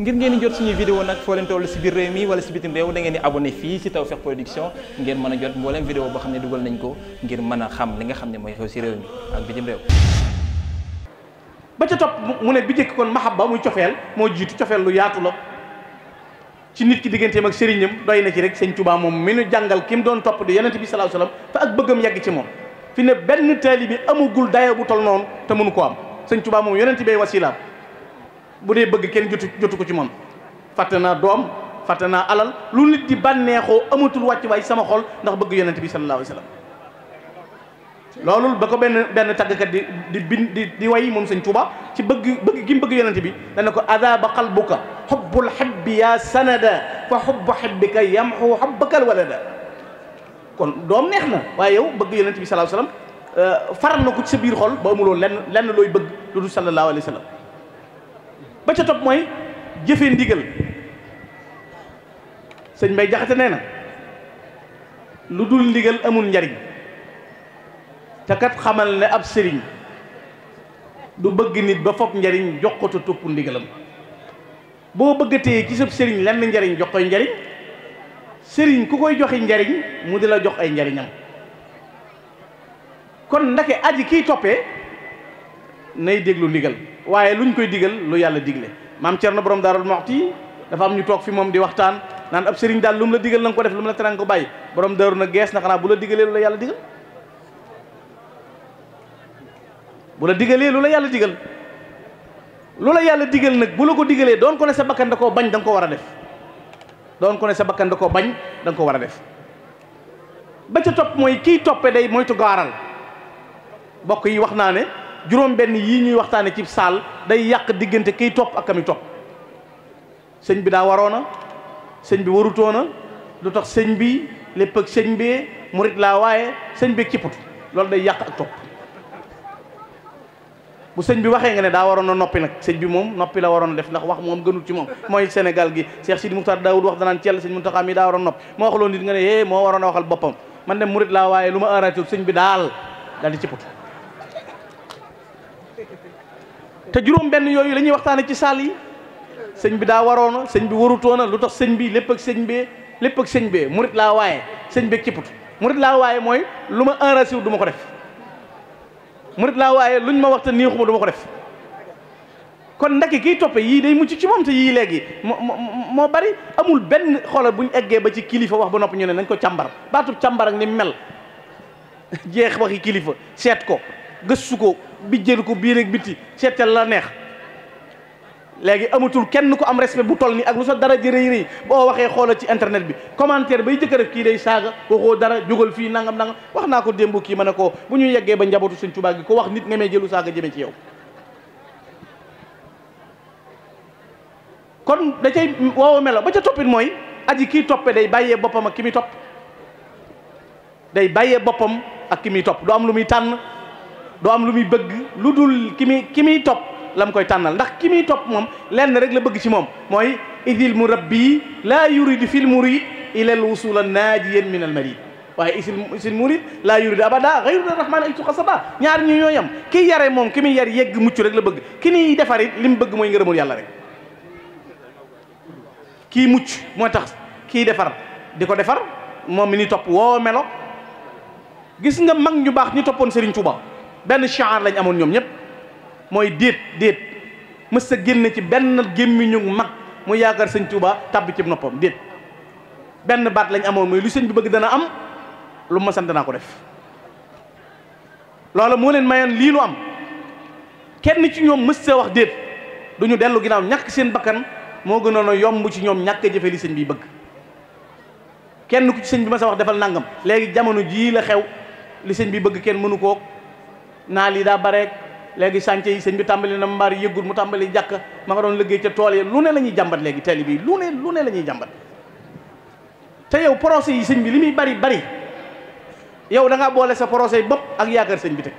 ngir ngeen di jot suñuy vidéo nag foo leen toll si biir réew mi wala si bitim réew da ngeen di abonné fii si Tawfekh Production ngeen mën a jot mbooleem vidéo boo xam ne dugal nañ ko ngir mën a xam li nga xam ne mooy xew si réew mi ak bitim réew ba ca topp mu ne bi njëkk kon mahabba mu cofeel moo jiitu cofeel lu yaatu la ci nit ki digganteem ak sëriñam doy na ci rek sëñ Tuubaa moom mi nu jàngal ki mu doon topp di yonent bi sallallahu alayhi wasallam ak bëggam yegg ci moom fi ne benn taalibe amugul dayo bu tol noonu te mënu ko am sëñ Tuubaa moom yonent bi wasilaam bu dee bëgg kenn jotu jotu ko ci moom fàtte naa doom fàtte naa alal lu nit di bànneexoo amatul wàcc waay sama xol ndax bëgg yonent bi sallallahu alayhi wa sallam loolu ko benn benn tàggkat di di di di way moom sëñ Tuuba ci bëgg bëgg gi bi dana ko adaba qalbuka xubbul xibbi yaa sanada fa xubbu xibbika yamxu xubbakal walada kon doom neex na waaye yow bëgg yonent bi sallallahu alayhi wa euh, na ko ci sa biir xol ba amuloo lenn lenn looy bëgg lu dul sallallahu alayhi wa ba ca mooy jëfe ndigal sëñ Mbay Jaxate nee na lu dul ndigal amul njariñ te kat xamal ne ab sëriñ du bëgg nit ba fopp njariñ jox ko te topp ndigalam boo bëggatee ci sab sëriñ lenn njariñ jox koy njariñ sëriñ ku koy joxe njariñ mu di la jox ay njariñam kon ndake aji kiy toppee nay déglu ndigal waaye luñ koy digal lu yàlla digle maam Cerno borom Daarul Muxti dafa am ñu toog fi moom di waxtaan naan ab sëriñ daal lu mu la digal na ko def lu mu la teraan ko bàyyi borom daaru na gees na xanaa bu la digalee lu la yàlla digal bu la digalee lu yàlla digal lu yàlla digal nag bu la ko digalee doon ko ne sa bakkan da koo bañ da ko war a def doon ko ne sa bakkan da bañ da nga ko war a def ba ca topp mooy kii toppe day moytu gaaral bokk yi wax naa ne juróom benn yii ñuy waxtaane ci saal day yàq diggante kiy topp ak kami topp sëñ bi daa waroona sëñ bi warutoona lu tax sëñ bi lépp ak sëñ bee murit laa waaye sëñ bee cipput loolu day yàq ak topp bu sëñ bi waxee nga ne daa waroon a noppi nag sëñ bi moom noppi la waroon a def ndax wax moom gënul ci moom mooy Sénégal gi Cheikh Sidi Moukhtar Daoud wax danaan Thiel sëñ Mountakha mi daa waroon noppi moo wax loolu nit nga ne eh moo waroon a waxal boppam man dem laa waaye lu ma arrêté sëñ bi daal daal di cipput te juróom benn yooyu lañuy ñuy waxtaane ci saal yi sëñ bi daa waroona sëñ bi warutoona lu tax sëñ bi lépp ak sëñ bee lépp ak sëñ bee murit laa waaye sëñ beeg cipput murit laa waaye mooy lu ma enragé wu duma ko def murit laa waaye luñ ma waxta nii xuma du ma ko def kon ndaki kiy toppe yii day mucc ci moom te yii léegi moo bari amul benn xoolal buñ eggee ba ci kilifa wax ba noppi ñu ne nañ ko càmbar baatub càmbar ak ni mel jeex waxi kilifa seet ko gëstu ko bijjeen ko biir ak bitti seetal la neex léegi amatul kenn ku am respect bu toll nii ak lu sa dara ji rëy boo waxee xoolal ci internet bi commentaire bay jëkk a kii day saaga waxoo dara jógal fii nangam nangam wax naa ko démb kii ma ne ko bu ñu yeggee ba njabootu Sëñ Tuubaa gi ko wax nit nga may jëlu saaga jëme ci yow. kon da cay woowu melo ba ca toppit mooy aji kii toppe day bàyyee boppam ak ki muy topp day bàyyee boppam ak ki muy topp du am lu muy tànn. du am lu muy bëgg lu dul ki muy ki muy topp la mu koy tànnal ndax ki muy topp moom lenn rek la bëgg ci moom mooy idil mu rabbi laa yuridu fil murid ila al wusula naajiyan min al marid waaye isil isil murid laa yuridu abada gayru rahman ay tuxasaba ñaar ñu ñoo yam ki yare moom ki muy yar yegg mucc rek la bëgg ki niy defari li mu bëgg mooy ngërëmul yàlla rek kii mucc moo tax kii defar di ko defar moom mi ni topp woo melo gis nga mag ñu baax ñu toppoon Serigne Touba benn chaar lañ amoon ñoom ñëpp mooy déet déet mës a génn ci benn gémmiñu mag mu yaakaar sëñ Touba tàbb ci noppam déet benn baat lañ amoon mooy lu sëñ bi bëgg dana am lu ma sant naa ko def loola moo leen mayoon lii nu am kenn ci ñoom mës a wax déet duñu dellu ginnaaw ñakk seen bakkan moo gënoon a yomb ci ñoom ñàkk a jëfe li sëñ bi bëgg kenn ku ci sëñ bi mës a wax defal nangam léegi jamono jii la xew li sëñ bi bëgg kenn mënu koo naa lii daa bareek léegi chantier yi sëñ bi tàmbali na mbaar yëggul mu tàmbali jàkk ma nga doon liggéey ca tool yi lu ne la ñuy jàmbat léegi tali bi lu ne lu ne la ñuy jàmbat te yow procès yi sëñ bi li muy bari bari yow da ngaa boole sa procès yi bopp ak yaakaar sëñ bi teg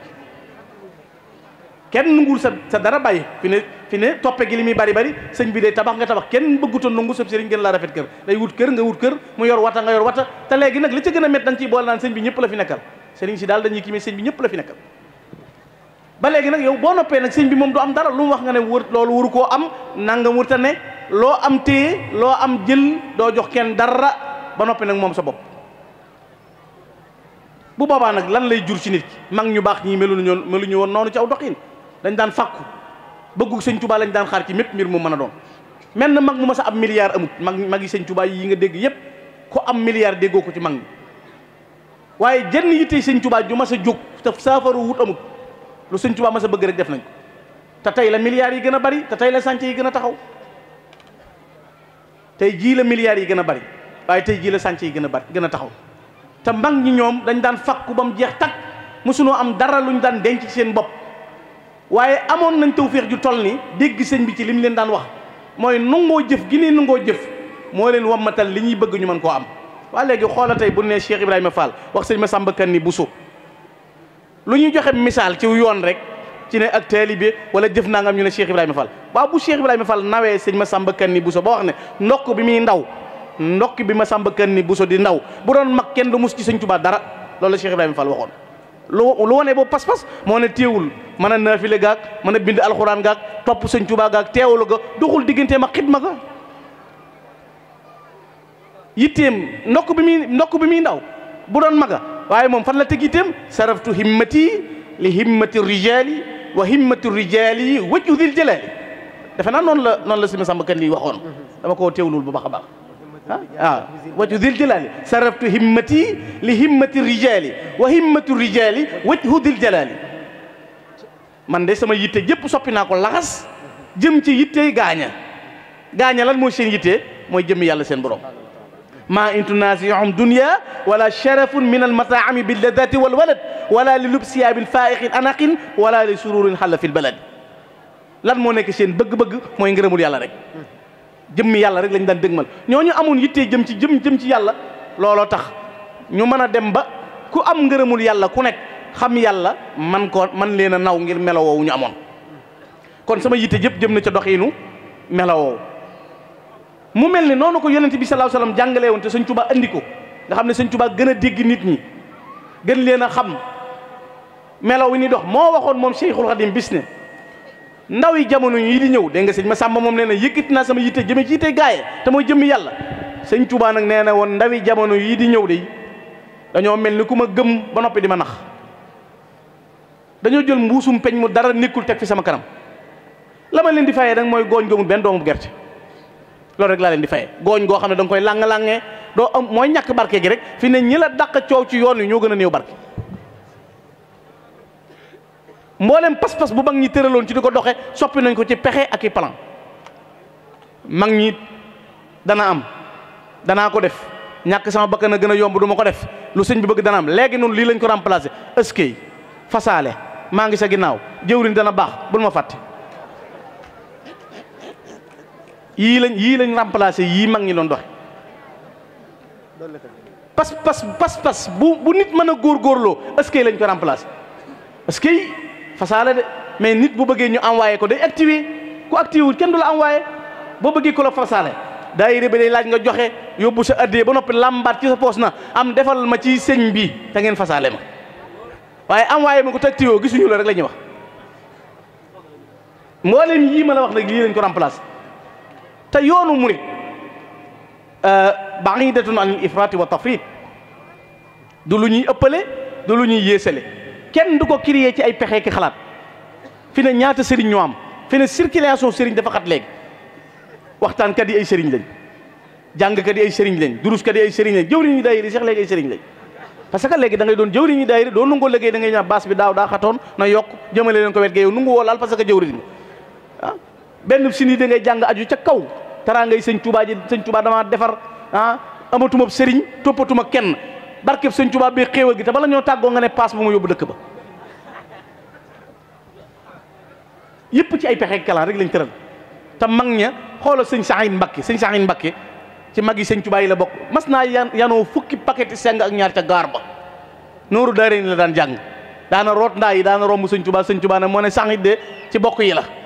kenn nungul sa sa dara bàyyi fi ne fi ne toppe gi li muy bari bari sëñ bi day tabax nga tabax kenn bëgguta nungu sëb sëriñ gën laa rafet kër day wut kër nga wut kër mu yor wata nga yor wata te léegi nag li ci a métti da bi ñëpp la fi nekkal sëriñ si daal dañuy kii mais sëñ bi ñëpp la fi nekkal ba léegi nag yow boo noppee nag sëñ bi moom du am dara lu mu wax nga ne wër loolu wuru koo am nangam wërta ne loo am téye loo am jël doo jox kenn dara ba noppi nag moom sa bopp bu boobaa nag lan lay jur ci nit ki mag ñu baax ñii meluñu ñoon meluñu woon noonu ci aw doxin dañ daan fàkku bëggu sëñ Tuubaa lañ daan xaar ci mépp mbir mu mën a doon mel na mag mu ma sa am milliard amut mag mag yi sëñ Tuubaa yi nga dégg yépp ku am milliard déggoo ko ci mag mi waaye jenn yitte sëñ Tuubaa ju ma sa jóg te saafaru wut lu Sëñ Tuubaa mas sa bëgg rek def nañ ko te tey la milliards yi gën a bari te tey la chantier yi gën a taxaw tey jii la milliards yi gën a bari waaye tey jii la chantier yi gën a bari gën a taxaw te mag ñi ñoom dañ daan fakku ba mu jeex takk mësunoo am dara lu ñu daan denc ci seen bopp waaye amoon nañ tawféex ju tol ni dégg sëñ bi ci li mu leen daan wax mooy nungoo jëf gi ne nungoo jëf moo leen wammatal li ñuy bëgg ñu mën koo am waa léegi xoola tey bu ne Cheikh Ibrahima Fall wax ma sëñ Massamba bu Bousso lu ñuy joxe misaal ci yoon rek ci ne ak taalibe wala jëf nangam ñu ne Cheikh Ibrahima Fall baa bu Cheikh Ibrahima Fall nawee sëñ Massamba Kanni Bousso ba wax ne ndokk bi muy ndaw ndokk bi ma Massamba bu so di ndaw bu doon mag kenn du mus ci sañ Tuubaa dara loolu la Cheikh Ibrahima Fall waxoon lu lu wane boobu pas-pas moo ne téewul mën a naafile gaag mën a bind alxuraan gaag topp sëñ Tuubaa gaag teewul ga doxul diggante ma xidma ga yitteem ndokk bi muy ndokk bi muy ndaw bu doon maga waaye moom fan la teg itam saraftu himmati li himmati rijali wa himmati rijali wajhu dil jalali defe naa noonu la noonu la sima sàmba kan li waxoon dama koo teewlul bu baax a baax ah wajhu dil jalali saraftu himmati li himmati rijali wa himmatu rijali wajhu dil jalali man de sama yitte yëpp soppi naa ko laxas jëm ci yittey gaaña gaaña lan moo seen yitte mooy jëmmi yàlla seen borom maa ma in tunaasiuhum dunya wala ami min almataami billadati walwalad wala li lubsiya bin faaixin anaqin wala li sururin xalla fi lbalad lan moo nekke seen bëgg-bëgg mooy ngërëmul yàlla rek jëmmi yàlla rek lañ daan ñoo ñu amoon yittee jëm ci jëm jëm ci yàlla looloo tax ñu mën a dem ba ku am ngërëmul yàlla ku nekk xam yàlla man ko man leen a naw ngir melowoowu ñu amoon kon sama yitte jëpp jëm na ca doxiinu melowoowu mu mel ni noonu ko yonent bi sallallahu alayhi wasallam jàngalee woon te sëñ Tuubaa andi ko nga xam ne sëñ Tuubaa gën a dégg nit ñi gën leen a xam melaw wi ni dox moo waxoon moom Cheikhul Khadim bis ne ndaw yi jamono yi di ñëw dégg nga sëñ ma sàmba moom nee na yëkkati naa sama yitte jëme ci yitte gaaye te mooy jëmmi yàlla sëñ Tuubaa nag nee na woon ndaw yi jamono yi di ñëw de dañoo mel ni ku ma gëm ba noppi di ma nax dañoo jël mbuusum peñ mu dara nekkul teg fi sama kanam la ma leen di fayee nag mooy gooñ goomu benn doomu gerte loolu rek laa leen di faye gooñ goo xam ne da koy lang doo am mooy ñàkk barke gi rek fi ne ñi la dàq coow ci yoon wi ñoo gën a néew barke mboolem pas-pas bu mag ñi tëraloon ci di ko doxe soppi nañ ko ci pexe ak i palan mag ñi dana am danaa ko def ñàkk sama bakkan na gën a yomb du ko def lu sëñ bi bëgg dana am léegi noonu lii lañ ko remplacer ëskey fasaale maa ngi sa ginnaaw jëwriñ dana baax bul ma fàtte yii lañ yii lañ remplacé yii mag ñi doon doxe pas pas pas pas bu bu nit mën a góorgóorloo askey lañ ko remplacé askey fasaala de mais nit bu bëggee ñu envoyé ko day activé ku activé wul kenn du la envoyé boo bëggee ko la daa daayira bi day laaj nga joxe yóbbu sa addee ba noppi làmbaat ci sa poos na am defal ma ci sëñ bi te ngeen fasaale ma waaye envoyé ma ko te activé woo gisuñu la rek la ñuy wax mboolem yii ma la wax nag lii lañ te yoonu murit euh, ba'idatun anil ifraati wa tafriit du lu ñuy ëppale du lu ñuy yéesale kenn du ko créer ci ay pexe ki xalaat fi ne ñaata sëriñ ñoo am fi ne circulation sëriñ dafa xat léegi waxtaankat yi ay sëriñ lañ jàngkat yi ay sëriñ lañ duruskat yi ay sëriñ lañ jëwriñ yi daayira sax léegi ay sëriñ lañ parce que léegi da ngay doon jëwriñ yi daayira doo nungoo liggéey da ngay ñaan baas bi daaw daa xatoon na yokk jëmale leen ko wet ga yow laal parce que jëwriñ ah benn si da ngay jàng aju ca kaw taraa ngay sëñ Touba ji sëñ Touba damaa defar ah amatuma sëriñ toppatuma kenn barkeb sëñ Touba bi xéewal gi te bala ñoo tàggoo nga ne paas bu ma yóbbu dëkk ba yëpp ci ay pexe kalaan rek lañ tëral te mag ña xoolal sëñ Saxin Mbakke sëñ Saxin Mbakke ci mag yi sëñ yi la bokk mas naa yanoo fukki paquet seng ak ñaar ca gaar ba nooru daaree ni la daan jàng daa na root ndaa yi daana romb sëñ Touba sëñ Touba nag moo ne de ci bokk yi la.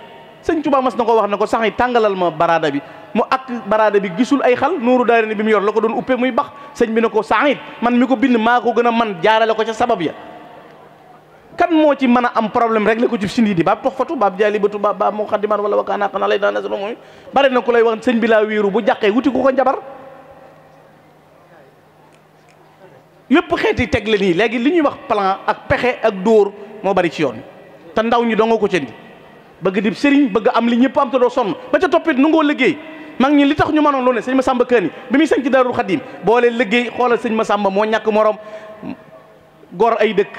sëñ Tuubaa mas na ko wax na ko sax yi tàngalal ma baraada bi mu ak baraada bi gisul ay xal nuuru daari bi mu yor la ko doon uppee muy bax sëñ bi ne ko saxit man mi ko bind maa ko gën a man jaarale ko ca sabab ya kan moo ci mën a am problème rek la ko ci sindi di baab tox fatu baab jaali batu baab baab moo xaddimaan wala wa kaana xanaa lay daan nasro bare na ku lay wax sëñ bi laa wéeru bu jàqee wuti ku ko njabar yëpp xeeti tegle la léegi li ñuy wax plan ak pexe ak dóor moo bari ci yoon te ndaw ñi dong ko ci bëgg di sëriñ bëgg am li ñëpp am te doo sonn ba ca toppit nu ngoo mag ñi li tax ñu mënoon lu ne sëñ Masamba Kanni bi muy sañ ci Daarul Xadim boole liggéey xoolal sëñ Masamba moo ñàkk morom gor ay dëkk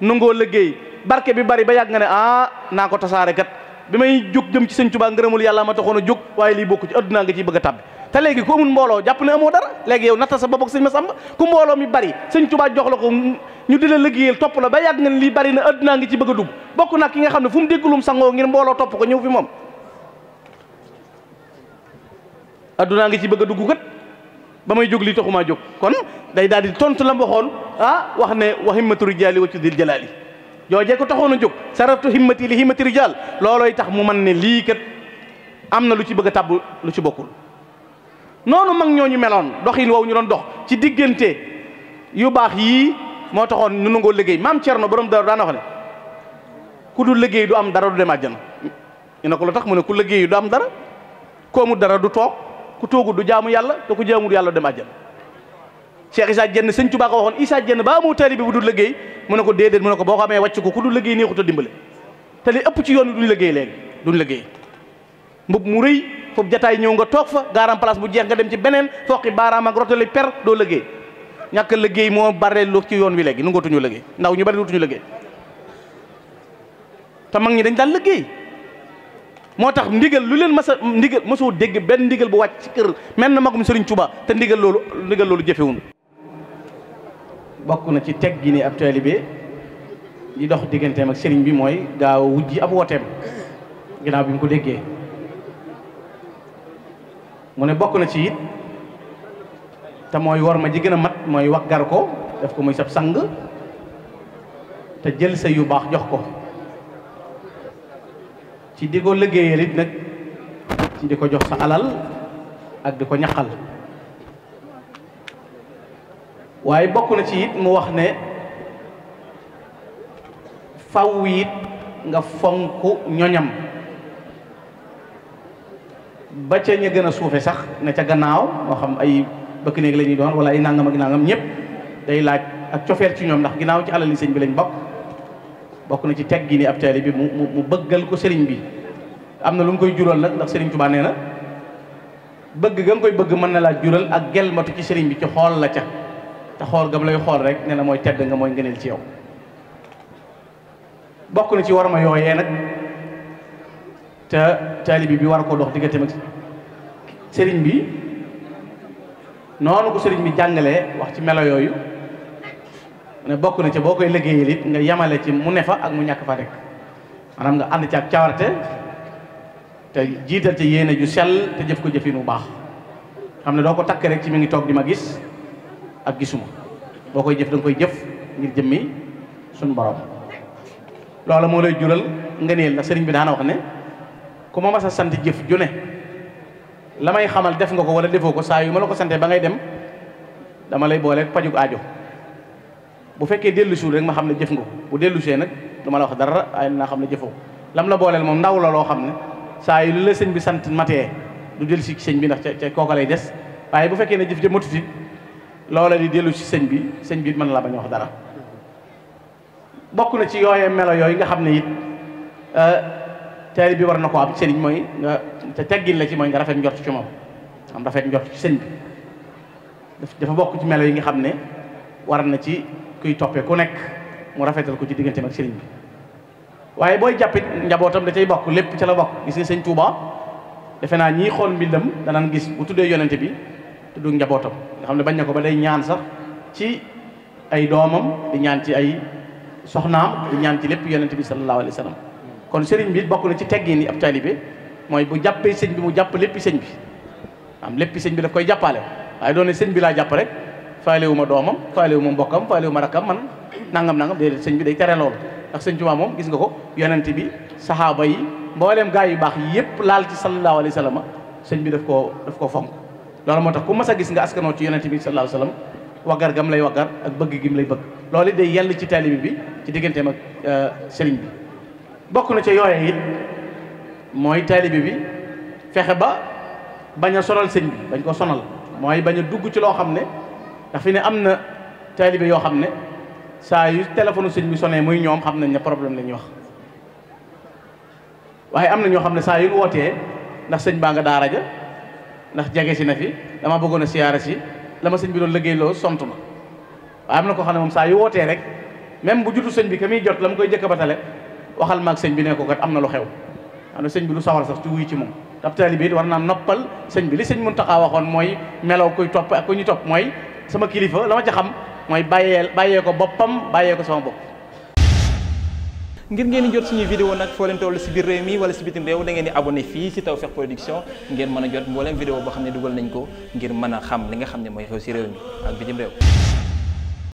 nu ngoo liggéey barke bi bari ba yàgg nga ne ah naa ko tasaare kat bi may jóg jëm ci sëñ Tuubaa ngërëmul yàlla ma taxoon a jóg waaye lii bokku ci addunaa nga ciy bëgg a tàbbi te léegi ku amul mbooloo jàpp ne amoo dara léegi yow natta sa bopp ak sëñ Masamba ku mbooloo mi bari sëñ Tuubaa jox la ko ñu di la liggéeyal topp la ba yàgg nga lii bari na àddina ngi ci bëgg a dugg bokk nag ki nga xam ne fu mu dégglum sangoo ngir mbooloo topp ko ñëw fi moom àdduna ngi ci bëgg a dugg kat ba may jóg li taxumaa jóg kon day daal di tontu la waxoon ah wax ne wa himmatu rijaali ci dil jalaali joojee ko taxoon a jóg saratu himmati li himmati rijaal loolooy tax mu man ne lii kat am na lu ci bëgg a lu ci bokkul noonu mag ñooñu meloon doxin woowu ñu doon dox ci diggante yu baax yii moo taxoon ñu nangoo liggéey maam Thierno borom dara daana wax ne ku du liggéey du am dara du dem àjjana ñu ne ko la tax mu ne ku liggéey du am dara ku amul dara du toog ku toogul du jaamu yàlla te ku jaamul yàlla du dem àjjana Cheikh Issa jenn sëñ Tuubaa ko waxoon Issa Dieng ba amoo taalibe bu du liggéey mu ne ko déedéet mu ne ko boo ko amee wàcc ko ku du liggéey neexut a dimbale te li ëpp ci yoon duñ liggéey léegi duñ liggéey foofu jataay ñëw nga toog fa gaaram place bu jeex nga dem ci beneen foqi baaraam ak rotali per doo liggéey ñàkk liggéey moo bare lu ci yoon wi léegi nu ngootuñu liggéey ndaw ñu bari dootuñu liggéey te mag ñi dañ daan liggéey moo tax ndigal lu leen mas a ndigal dégg benn ndigal bu wàcc ci kër mel na magum Sëriñ Tuubaa te ndigal loolu ndigal loolu jëfewuñu bokk na ci teg gi ni ab taalibe di dox digganteem ak sëriñ bi mooy gaaw a wujji ab wooteem ginnaaw bi mu ko déggee mu ne bokk na ci it te mooy war ma ji gën a mat mooy wax gar ko def ko muy sab sang te jël sa yu baax jox ko ci di ko liggéeyal nag ci di ko jox sa alal ak di ko ñaqal waaye bokk na ci it mu wax ne faw it nga fonk ñoñam ba ca ña gën a suufe sax ne ca gannaaw moo xam ay bëkk néeg la ñuy doon wala ay nangam ak nangam ñëpp day laaj ak cofeer ci ñoom ndax ginnaaw ci alal ni sëñ bi lañ bokk bokk na ci teg gi ni ab taali bi mu mu bëggal ko sëriñ bi am na lu mu koy jural nag ndax sëriñ Tuubaa nee na bëgg ga nga koy bëgg mën na laaj jural ak gelmatu ci sëriñ bi ci xool la ca te xool gam lay xool rek nee na mooy tedd nga mooy ngëneel ci yow bokk na ci war ma yooyee nag te taalibi bi war koo dox digganteem ak sëriñ bi noonu ko sëriñ bi jàngalee wax ci melo yooyu ne bokk na ci boo koy liggéeyal nga yemale ci mu ne fa ak mu ñàkk fa rek xam nga ànd ci ak cawarte te jiital ci yéene ju sel te jëf ko jëfin wu baax xam ne doo ko takk rek ci mi ngi toog di ma gis ak gisuma boo koy jëf da koy jëf ngir jëmmi suñu borom loolu moo lay jural nga neel la sëriñ bi daana wax ne ku ma mas sant jëf ju ne la may xamal def nga ko wala defoo ko saa yu ma la ko sante ba ngay dem dama lay booleeg pajuk ajo bu fekkee dellu suul rek ma xam ne jëf nga ko bu dellu see nag du ma la wax dara ay naa xam ne jëfoo lam la booleel moom ndaw la loo xam ne saa yu la sëñ bi sant matee du dellu si sëñ bi ndax ca ca kooka lay des waaye bu fekkee ne jëf ja matuti loola di dellu si sëñ bi sëñ bi it mën la bañ wax dara bokk na ci yooyee melo yooyu nga xam ne it euh, taali bi war na ko am sëriñ mooy nga te la ci mooy nga rafet njortu ci moom am rafet njort ci sëñ bi dafa bokk ci melo yi nga xam ne war na ci kuy toppee ku nekk mu rafetal ko ci digganteem ak sëriñ bi waaye booy jàppit njabootam da cay bokk lépp ci la bokk gis nga sëñ Touba naa ñii xool mbindam danaan gis bu tuddee yonente bi tudd njabootam nga xam ne bañ na ko ba day ñaan sax ci ay doomam di ñaan ci ay soxnaam di ñaan ci lépp yonente bi sallallahu alayhi wa sallam kon sëriñ bi bokk na ci teggin yi ab taalibe mooy bu jàppee sëñ bi mu jàpp lépp sëñ bi am lépp sëñ bi daf koy jàppale waaye doon ne sëñ bi laa jàpp rek faalewu ma doomam faalewu ma mbokkam faalewu ma rakkam man nangam nangam sëñ bi day tere loolu ndax sëñ moom gis nga ko yonent bi saxaaba yi mbooleem gaa yu baax yépp laal ci sallallahu alayhi wa sallam sëñ bi daf koo daf koo fonk loolu moo tax ku mas a gis nga askanoo ci yonent bi sallallahu alayhi wa sallam waggar gam lay waggar ak bëgg gim lay bëgg loolu day yell ci taalibe bi ci digganteem ak euh, sëriñ bi bokk na ca yooye it mooy taalibe bi fexe ba bañ a sonal sëñ bi dañ ko sonal mooy bañ dugg ci loo xam ne ndax fi ne am na taalibe yoo xam ne saa yu téléphone sëñ bi sonee muy ñoom xam nañ ne problème la ñuy wax waaye am na ñoo xam ne saa yu wootee ndax sëñ baa nga daara ja ndax jege si na fi dama bëggoona a siyaare si la ma sëñ bi doon liggéey sont ma waaye am na koo xam ne moom saa yu wootee rek même bu jutu sëñ bi ka muy jot la mu koy jëkk batale waxal maag sëñ bi ne ko kat am na lu xew ando sëñ bi lu soxal sax ci wuy ci moom tab taalibe it war naa noppal sëñ bi li sëñ Muntaxa waxoon mooy melow kuy topp ak ku ñu topp mooy sama kilifa la ma ca xam mooy bàyyee bàyyee ko boppam bàyyee ko sama bopp ngir ngeen di jot suñuy vidéo nag foo leen toll si biir réew mi wala si bitim réew da ngeen di abonné fii si Tawfekh Production ngeen mën a jot mbooleem vidéo boo xam ne dugal nañ ko ngir mën a xam li nga xam ne mooy xew si réew mi ak bitim réew